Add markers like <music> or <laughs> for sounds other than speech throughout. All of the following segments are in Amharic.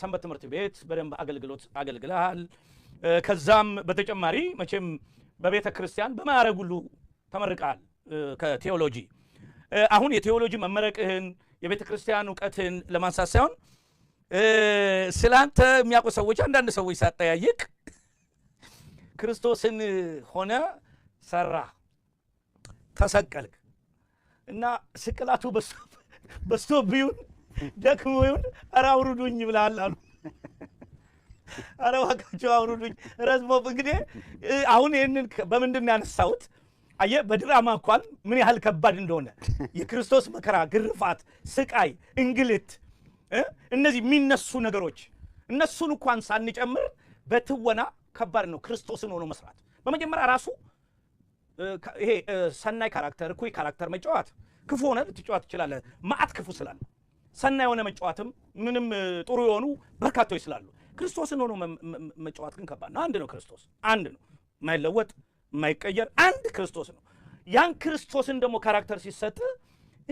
ሰንበት ትምህርት ቤት በደንብ አገልግሎት አገልግለሃል። ከዛም በተጨማሪ መቼም በቤተ ክርስቲያን በማዕረግ ሁሉ ተመርቃል ከቴዎሎጂ አሁን የቴዎሎጂ መመረቅህን የቤተ ክርስቲያን እውቀትን ለማንሳት ሳይሆን ስለ አንተ የሚያውቁ ሰዎች አንዳንድ ሰዎች ሳጠያይቅ ክርስቶስን ሆነ ሰራ ተሰቀልክ እና ስቅላቱ በስቶ ደክሞ ይሁን ኧረ አውርዱኝ ብለሃል አሉ። ኧረ እባካችሁ አውርዱኝ ረዝሞ እንግዲህ አሁን ይህንን በምንድን ያነሳሁት አየህ በድራማ እንኳን ምን ያህል ከባድ እንደሆነ የክርስቶስ መከራ፣ ግርፋት፣ ስቃይ፣ እንግልት እነዚህ የሚነሱ ነገሮች እነሱን እንኳን ሳንጨምር በትወና ከባድ ነው ክርስቶስን ሆኖ መስራት። በመጀመሪያ ራሱ ይሄ ሰናይ ካራክተር፣ እኩይ ካራክተር መጫወት ክፉ ሆነ ልትጫወት ትችላለህ። ማአት ክፉ ስላለ ሰና የሆነ መጫወትም ምንም ጥሩ የሆኑ በርካታዎች ስላሉ ክርስቶስን ሆኖ መጫወት ግን ከባድ ነው። አንድ ነው ክርስቶስ አንድ ነው፣ የማይለወጥ የማይቀየር አንድ ክርስቶስ ነው። ያን ክርስቶስን ደግሞ ካራክተር ሲሰጥ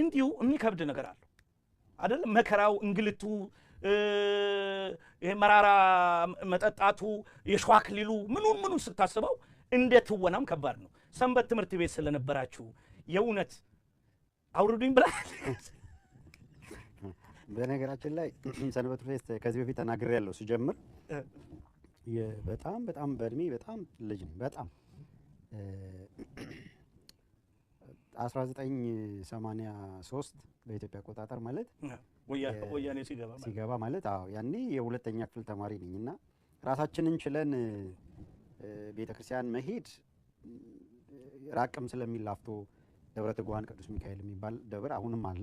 እንዲሁ የሚከብድ ነገር አለው አይደለም? መከራው፣ እንግልቱ፣ መራራ መጠጣቱ፣ የሸዋ ምኑን ምኑን ስታስበው እንደ ትወናም ከባድ ነው። ሰንበት ትምህርት ቤት ስለነበራችሁ የእውነት አውርዱኝ ብላል በነገራችን ላይ ሰንበት ፌስት ከዚህ በፊት ተናግሬ ያለው ሲጀምር በጣም በጣም በእድሜ በጣም ልጅ ነኝ። በጣም 1983 በኢትዮጵያ አቆጣጠር ማለት ወያኔ ሲገባ ማለት አዎ፣ ያኔ የሁለተኛ ክፍል ተማሪ ነኝ እና ራሳችንን ችለን ቤተክርስቲያን መሄድ ራቅም ስለሚላፍቶ ደብረ ትጉሃን ቅዱስ ሚካኤል የሚባል ደብር አሁንም አለ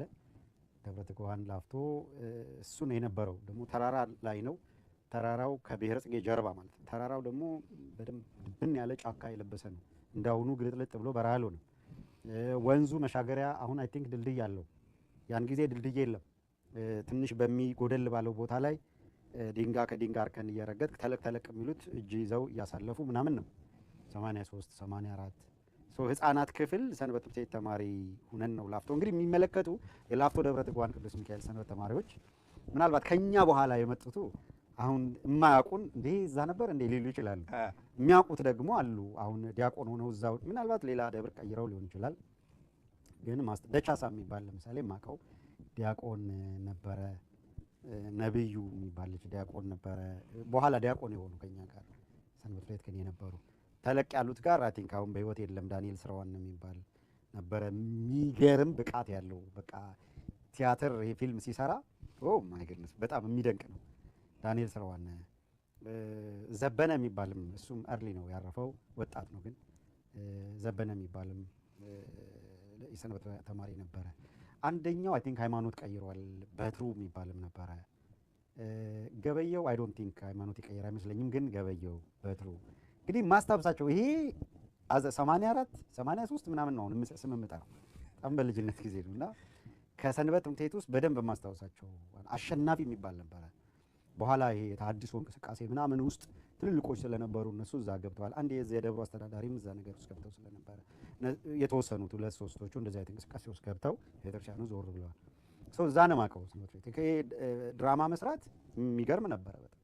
ደብረ ትጉሃን ላፍቶ እሱ ነው የነበረው። ደግሞ ተራራ ላይ ነው። ተራራው ከብሔረ ጽጌ ጀርባ ማለት ነው። ተራራው ደግሞ በደንብ ድብን ያለ ጫካ የለበሰ ነው። እንዳሁኑ ግልጥልጥ ብሎ በረሃ አልሆነም። ወንዙ መሻገሪያ አሁን አይ ቲንክ ድልድይ አለው። ያን ጊዜ ድልድይ የለም። ትንሽ በሚጎደል ባለው ቦታ ላይ ድንጋይ ከድንጋይ አርከን እየረገጥ ተለቅ ተለቅ የሚሉት እጅ ይዘው እያሳለፉ ምናምን ነው 83 84 ህጻናት ክፍል ሰንበት ትምህርት ቤት ተማሪ ሁነን ነው ላፍቶ እንግዲህ የሚመለከቱ የላፍቶ ደብረ ትጉሃን ቅዱስ ሚካኤል ሰንበት ተማሪዎች ምናልባት ከኛ በኋላ የመጡቱ አሁን የማያውቁን እንዴ እዛ ነበር እንዴ ሊሉ ይችላሉ። የሚያውቁት ደግሞ አሉ። አሁን ዲያቆን ሆነው እዛው ምናልባት ሌላ ደብር ቀይረው ሊሆን ይችላል። ግን ደቻሳ የሚባል ለምሳሌ የማውቀው ዲያቆን ነበረ። ነብዩ የሚባል ልጅ ዲያቆን ነበረ። በኋላ ዲያቆን የሆኑ ከኛ ጋር ሰንበት ቤት ግን የነበሩ ተለቅ ያሉት ጋር አይ ቲንክ አሁን በህይወት የለም ዳንኤል ስራዋን ነው የሚባል ነበረ። የሚገርም ብቃት ያለው በቃ ቲያትር ይሄ ፊልም ሲሰራ ኦ ማይ ግድነስ በጣም የሚደንቅ ነው። ዳንኤል ስራዋን ዘበነ የሚባልም እሱም እርሊ ነው ያረፈው፣ ወጣት ነው ግን ዘበነ የሚባልም የሰንበት ተማሪ ነበረ። አንደኛው አይ ቲንክ ሃይማኖት ቀይሯል፣ በትሩ የሚባልም ነበረ። ገበየው አይ ዶንት ቲንክ ሃይማኖት የቀየረ አይመስለኝም፣ ግን ገበየው በትሩ እንግዲህ ማስታወሳቸው ይሄ 84 83 ምናምን ነው ስም የምጠራው በጣም በልጅነት ጊዜ ነው እና ከሰንበት ትምህርት ቤት ውስጥ በደንብ የማስታወሳቸው አሸናፊ የሚባል ነበረ። በኋላ ይሄ የተሃድሶ እንቅስቃሴ ምናምን ውስጥ ትልልቆች ስለነበሩ እነሱ እዛ ገብተዋል። አንድ የዚህ የደብሩ አስተዳዳሪም እዛ ነገር ውስጥ ገብተው ስለነበረ የተወሰኑት ሁለት ሶስቶቹ እንደዚህ አይነት እንቅስቃሴ ውስጥ ገብተው ቤተክርስቲያኑ ዞር ብለዋል። ሰው እዛ ነው የማውቀው ትምህርት ቤት ድራማ መስራት የሚገርም ነበረ በጣም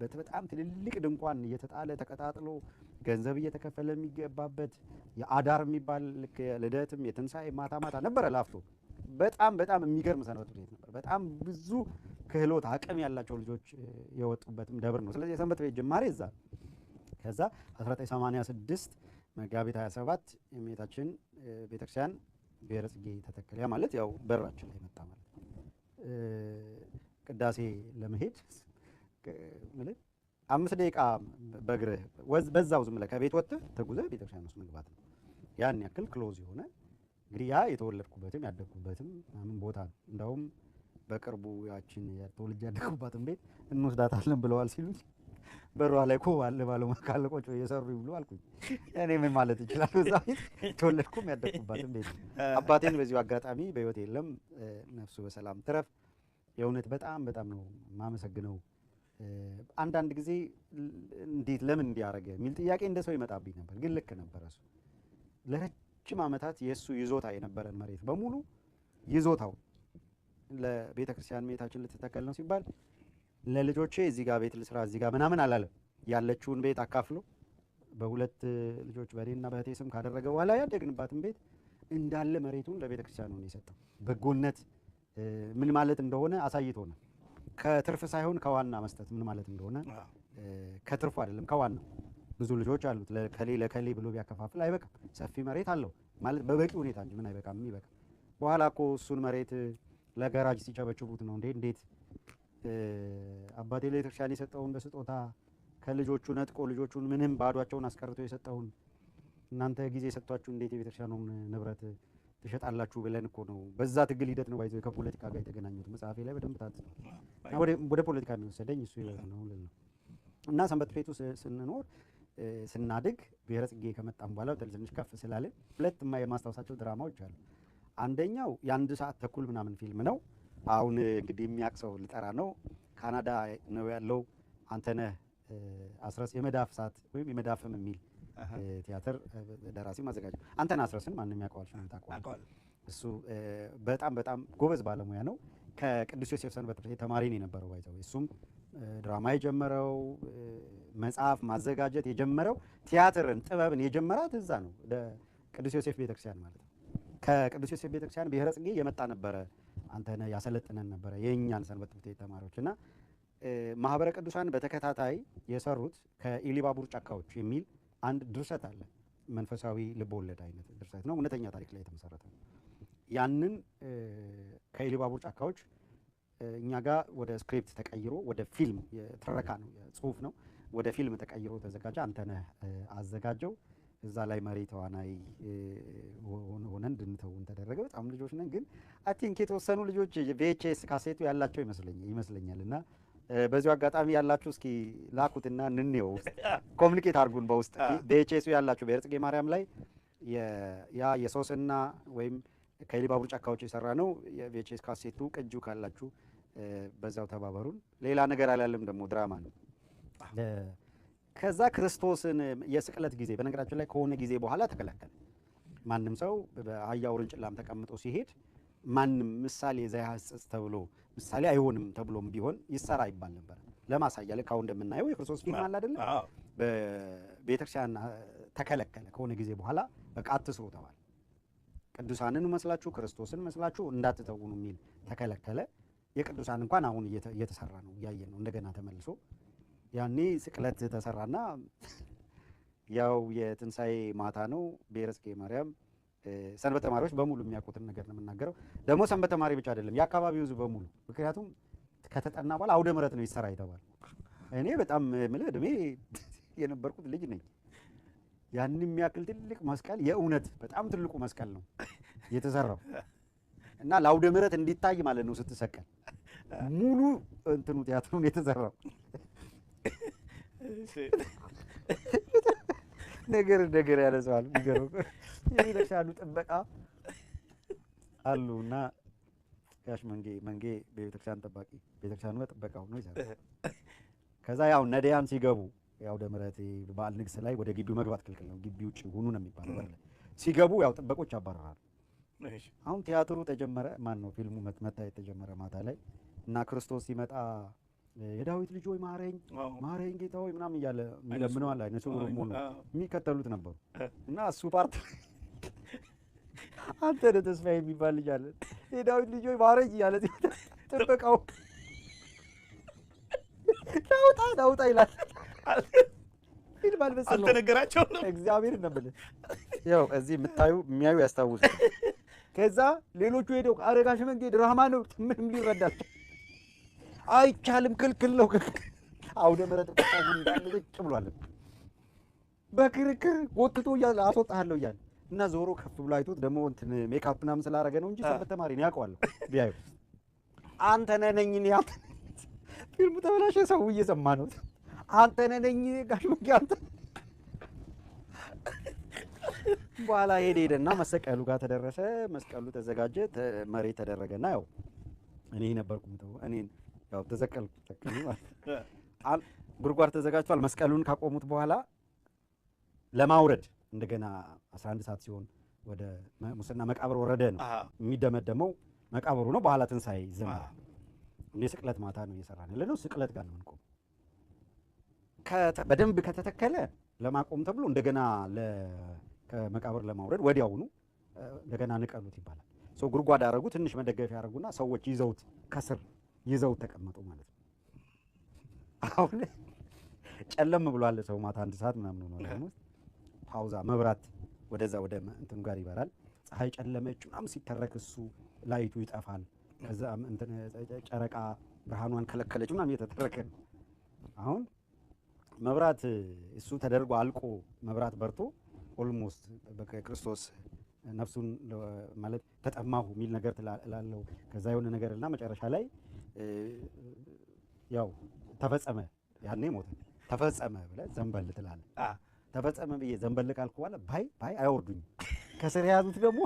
በጣም ትልልቅ ድንኳን እየተጣለ ተቀጣጥሎ ገንዘብ እየተከፈለ የሚገባበት የአዳር የሚባል ልክ ልደትም የትንሣኤ ማታ ማታ ነበረ። ላፍቶ በጣም በጣም የሚገርም ሰንበት ቤት ነበር። በጣም ብዙ ክህሎት አቅም ያላቸው ልጆች የወጡበትም ደብር ነው። ስለዚህ የሰንበት ቤት ጅማሬ እዛ ከዛ 1986 መጋቢት 27 የእመቤታችን ቤተክርስቲያን ብሔረ ጽጌ ተተከለ ማለት ያው በራችን ላይ መጣ ማለት ነው። ቅዳሴ ለመሄድ አምስት ደቂቃ በእግርህ በዛው ዝም ብለህ ከቤት ወጥተህ ተጉዘህ ቤተክርስቲያን ውስጥ መግባት ነው። ያን ያክል ክሎዝ የሆነ እንግዲህ ያ የተወለድኩበትም ያደግኩበትም ምናምን ቦታ ነው። እንዳውም በቅርቡ ያችን ተወልጄ ያደግኩባትን ቤት እንወስዳታለን ብለዋል ሲሉኝ በሯ ላይ ኮ አለ ባለው መካለቆች እየሰሩ ይብሉ አልኩኝ። እኔ ምን ማለት ይችላል? እዛ ቤት የተወለድኩም ያደግኩባትን ቤት አባቴን በዚሁ አጋጣሚ በህይወት የለም፣ ነፍሱ በሰላም ትረፍ። የእውነት በጣም በጣም ነው የማመሰግነው። አንዳንድ ጊዜ እንዴት ለምን እንዲያደረገ የሚል ጥያቄ እንደ ሰው ይመጣብኝ ነበር። ግን ልክ ነበር እሱ ለረጅም ዓመታት የእሱ ይዞታ የነበረን መሬት በሙሉ ይዞታው ለቤተ ክርስቲያን ቤታችን ልትተከል ነው ሲባል ለልጆቼ እዚህ ጋር ቤት ልስራ እዚህ ጋር ምናምን አላለም። ያለችውን ቤት አካፍሎ በሁለት ልጆች በእኔና በእህቴ ስም ካደረገ በኋላ ያደግንባትን ቤት እንዳለ መሬቱን ለቤተ ክርስቲያን ነው የሰጠው። በጎነት ምን ማለት እንደሆነ ነው። ከትርፍ ሳይሆን ከዋና መስጠት ምን ማለት እንደሆነ ከትርፉ አይደለም ከዋናው። ብዙ ልጆች አሉት ለከሌ ለከሌ ብሎ ቢያከፋፍል አይበቃም። ሰፊ መሬት አለው ማለት በበቂ ሁኔታ እንጂ ምን አይበቃም ይበቃ። በኋላ እኮ እሱን መሬት ለገራጅ ሲጨበጭቡት ነው እንዴ እንዴት አባቴ ለቤተክርስቲያን የሰጠውን በስጦታ ከልጆቹ ነጥቆ ልጆቹን ምንም ባዷቸውን አስቀርቶ የሰጠውን እናንተ ጊዜ ሰጥቷችሁ እንዴት የቤተክርስቲያኑን ንብረት ትሸጣላችሁ ብለን እኮ ነው። በዛ ትግል ሂደት ነው ባይዘው ከፖለቲካ ጋር የተገናኙት። መጽሐፌ ላይ በደንብ ታት ወደ ፖለቲካ የሚወሰደኝ እሱ ይበት ነው እና ሰንበት ቤቱ ስንኖር ስናድግ ብሔረ ጽጌ ከመጣም በኋላ ትንሽ ከፍ ስላለ ሁለት የማስታወሳቸው ድራማዎች አሉ። አንደኛው የአንድ ሰዓት ተኩል ምናምን ፊልም ነው። አሁን እንግዲህ የሚያቅሰው ልጠራ ነው። ካናዳ ነው ያለው አንተነህ አስረስ የመዳፍ ሰዓት ወይም የመዳፍም የሚል ቲያትር ደራሲ ማዘጋጀ አንተን አስረስን ማንም ያውቀዋል፣ ታውቀዋል። እሱ በጣም በጣም ጎበዝ ባለሙያ ነው። ከቅዱስ ዮሴፍ ሰንበት ትምህርት ቤት ተማሪ ነው የነበረው። ባይዘው እሱም ድራማ የጀመረው መጽሐፍ ማዘጋጀት የጀመረው ቲያትርን ጥበብን የጀመራት እዛ ነው፣ ቅዱስ ዮሴፍ ቤተክርስቲያን ማለት ነው። ከቅዱስ ዮሴፍ ቤተክርስቲያን ብሔረ ጽጌ የመጣ ነበረ አንተነ ያሰለጥነን ነበረ የእኛን ሰንበት ትምህርት ቤት ተማሪዎች እና ማህበረ ቅዱሳን በተከታታይ የሰሩት ከኢሊባቡር ጫካዎች የሚል አንድ ድርሰት አለ፣ መንፈሳዊ ልቦወለድ አይነት ድርሰት ነው። እውነተኛ ታሪክ ላይ የተመሰረተ ነው። ያንን ባቡር ጫካዎች እኛ ጋር ወደ ስክሪፕት ተቀይሮ ወደ ፊልም የትረካ ነው፣ ጽሁፍ ነው፣ ወደ ፊልም ተቀይሮ ተዘጋጀ። አንተነህ አዘጋጀው። እዛ ላይ መሪ ተዋናይ ሆነን እንድንተውን ተደረገ። በጣም ልጆች ነን፣ ግን አይ ቲንክ የተወሰኑ ልጆች ቪኤችኤስ ካሴቱ ያላቸው ይመስለኛል እና በዚሁ አጋጣሚ ያላችሁ እስኪ ላኩትና ውስጥ <laughs> ኮሚኒኬት አድርጉን በውስጥ ቤቼሱ ያላችሁ በኤርጽጌ ማርያም ላይ ያ የሶስና ወይም ከኢሉባቡር ጫካዎች የሰራ ነው የቪኤችኤስ ካሴቱ ቅጂው ካላችሁ በዛው ተባበሩን። ሌላ ነገር አላለም ደግሞ ድራማ ነው። ከዛ ክርስቶስን የስቅለት ጊዜ በነገራችን ላይ ከሆነ ጊዜ በኋላ ተከለከለ። ማንም ሰው በአህያ ውርንጭላም ተቀምጦ ሲሄድ ማንም ምሳሌ ዘያስጽ ተብሎ ምሳሌ አይሆንም ተብሎም ቢሆን ይሰራ ይባል ነበር። ለማሳያ ልክ አሁን እንደምናየው የክርስቶስ ፊልም አለ አይደለም፣ በቤተክርስቲያን ተከለከለ። ከሆነ ጊዜ በኋላ በቃ አትስሩ ተባለ። ቅዱሳንን መስላችሁ ክርስቶስን መስላችሁ እንዳትተውኑ የሚል ተከለከለ። የቅዱሳን እንኳን አሁን እየተሰራ ነው እያየን ነው። እንደገና ተመልሶ ያኔ ስቅለት ተሰራና ያው የትንሣኤ ማታ ነው ብሔረ ስቅለ ማርያም ሰንበት ተማሪዎች በሙሉ የሚያውቁትን ነገር ነው የምናገረው። ደግሞ ሰንበት ተማሪ ብቻ አይደለም የአካባቢው ሕዝብ በሙሉ ምክንያቱም ከተጠና በኋላ አውደ ምረት ነው ይሰራ የተባለ። እኔ በጣም የምልህ እድሜ <laughs> የነበርኩት ልጅ ነኝ። ያን የሚያክል ትልቅ መስቀል የእውነት በጣም ትልቁ መስቀል ነው የተሰራው እና ለአውደ ምረት እንዲታይ ማለት ነው ስትሰቀል ሙሉ እንትኑ ቲያትሩን የተሰራው <laughs> ነገር ነገር ያለ ያነሳዋል። የሚገርም የቤተክርስቲያኑ ጥበቃ አሉ እና ያሽ መንጌ መንጌ በቤተክርስቲያን ጠባቂ ቤተክርስቲያኑ በጥበቃው ነው ይሰራል። ከዛ ያው ነዳያን ሲገቡ ያው ደምረት በዓል ንግስ ላይ ወደ ግቢው መግባት ክልክል ነው። ግቢ ውጭ ሁኑ ነው የሚባለው። ሲገቡ ያው ጥበቆች ያባረራሉ። አሁን ቲያትሩ ተጀመረ። ማን ነው ፊልሙ መታየት ተጀመረ ማታ ላይ እና ክርስቶስ ሲመጣ የዳዊት ልጅ ሆይ ማረኝ ማረኝ ጌታ ሆይ ምናምን እያለ የሚለምነዋል። አይነ ስውር ሆኖ የሚከተሉት ነበሩ እና እሱ ፓርት <laughs> አንተ ነህ ተስፋዬ የሚባል ልጅ አለ። የዳዊት ልጅ ሆይ ማረኝ እያለ <laughs> ጥበቃው ዳውጣ <laughs> ዳውጣ ይላል። ፊልም አልመሰለውም። አልተነገራቸው ነው እግዚአብሔር ነብል ያው እዚህ የምታዩ የሚያዩ ያስታውሱ። ከዛ ሌሎቹ ሄደው አረጋሽ መንገድ ራማ ነው ምንም ሊረዳል አይቻልም፣ ክልክል ነው። አውደ ምሕረት እንዳለ ዝቅ ብሏል። በክርክር ወጥቶ እያለ አስወጣለሁ እያለ እና ዞሮ ከፍ ብሎ አይቶት ደግሞ እንትን ሜካፕ ምናምን ስላደረገ ነው እንጂ ሰንበት ተማሪ ነው ያውቀዋለሁ። ቢያዩ አንተ ነህ ያ ያንተ ፊልሙ ተበላሸ። ሰው እየሰማ ነው። አንተ ነህ ጋሽ ወጊ አንተ በኋላ ሄደ ሄደና መስቀሉ ጋር ተደረሰ። መስቀሉ ተዘጋጀ፣ መሬት ተደረገና ያው እኔ ተው እኔ ያው ተዘቀልኩ ተከሉ ማለት ጉድጓድ ተዘጋጅቷል። መስቀሉን ካቆሙት በኋላ ለማውረድ እንደገና 11 ሰዓት ሲሆን ወደ ሙስና መቃብር ወረደ ነው የሚደመደመው። መቃብሩ ነው በኋላ ትንሣኤ ይዘመራል። እኔ ስቅለት ማታ ነው እየሰራን ያለነው። ስቅለት ጋር ነው የምንቆም። በደንብ ከተተከለ ለማቆም ተብሎ እንደገና ከመቃብር ለማውረድ ወዲያውኑ እንደገና ንቀሉት ይባላል። ጉርጓድ አረጉ ትንሽ መደገፊያ አረጉና ሰዎች ይዘውት ከስር ይዘው ተቀመጡ ማለት ነው። አሁን ጨለም ብሏል። ሰው ማታ አንድ ሰዓት ምናምን ነው ደግሞ ፓውዛ መብራት ወደዛ ወደ እንትን ጋር ይበራል። ፀሐይ ጨለመች ምናምን ሲተረክ እሱ ላይቱ ይጠፋል። ከዛ ጨረቃ ብርሃኗን ከለከለች ምናምን እየተተረከ ነው። አሁን መብራት እሱ ተደርጎ አልቆ መብራት በርቶ ኦልሞስት በክርስቶስ ነፍሱን ማለት ተጠማሁ የሚል ነገር ላለው ከዛ የሆነ ነገር እና መጨረሻ ላይ ያው ተፈጸመ ያኔ ሞተ ተፈጸመ ብለህ ዘንበል ትላለህ። ተፈጸመ ብዬ ዘንበል ካልኩ በኋላ ባይ ባይ አይወርዱኝም። ከስር የያዙት ደግሞ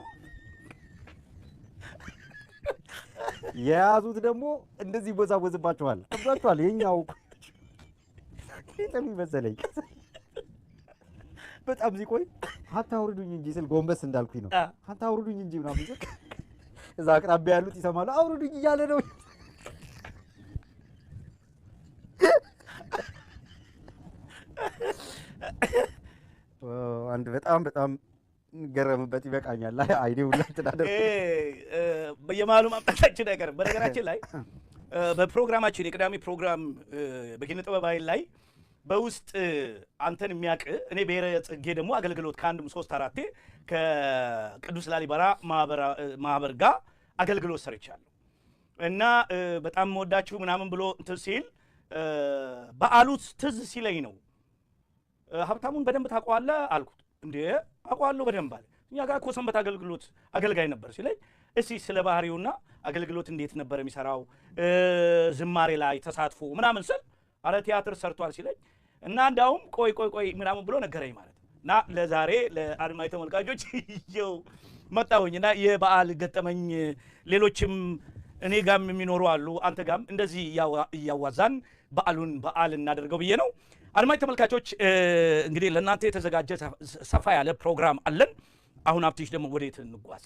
የያዙት ደግሞ እንደዚህ ይወዛወዝባቸዋል። ከብዷቸዋል። የኛው ይጠሚ መሰለኝ በጣም ሲቆይ አታውርዱኝ እንጂ ስል ጎንበስ እንዳልኩኝ ነው። አታውርዱኝ እንጂ ምናምን እዛ አቅራቢያ ያሉት ይሰማሉ። አውርዱኝ እያለ ነው አንድ በጣም በጣም ገረምበት ይበቃኛል። አይኔ ሁላ ትዳደ የመሀሉ ማምጣታችን አይቀርም። በነገራችን ላይ በፕሮግራማችን የቅዳሜ ፕሮግራም በኪነ ጥበብ ኃይል ላይ በውስጥ አንተን የሚያቅ እኔ ብሔረ ጽጌ ደግሞ አገልግሎት ከአንድም ሶስት አራቴ ከቅዱስ ላሊበላ ማህበር ጋር አገልግሎት ሰርቻለሁ እና በጣም መወዳችሁ ምናምን ብሎ እንትን ሲል በዓሉ ትዝ ሲለኝ ነው ሀብታሙን በደንብ ታውቀዋለህ አልኩት። እንዴ አውቀዋለሁ በደንብ አለ። እኛ ጋር እኮ ሰንበት አገልግሎት አገልጋይ ነበር ሲለኝ፣ እስቲ ስለ ባህሪውና አገልግሎት እንዴት ነበር የሚሰራው ዝማሬ ላይ ተሳትፎ ምናምን ስል አረ ቲያትር ሰርቷል ሲለኝ እና እንዳውም ቆይ ቆይ ቆይ ምናምን ብሎ ነገረኝ ማለት ነው። እና ለዛሬ ለአድማጭ ተመልካቾች <laughs> ይኸው መጣሁኝ እና የበዓል ገጠመኝ ሌሎችም እኔ ጋም የሚኖሩ አሉ፣ አንተ ጋም እንደዚህ እያዋዛን በዓሉን በዓል እናደርገው ብዬ ነው። አድማጭ ተመልካቾች እንግዲህ ለእናንተ የተዘጋጀ ሰፋ ያለ ፕሮግራም አለን። አሁን ሀብትሽ ደግሞ ወደት እንጓዝ?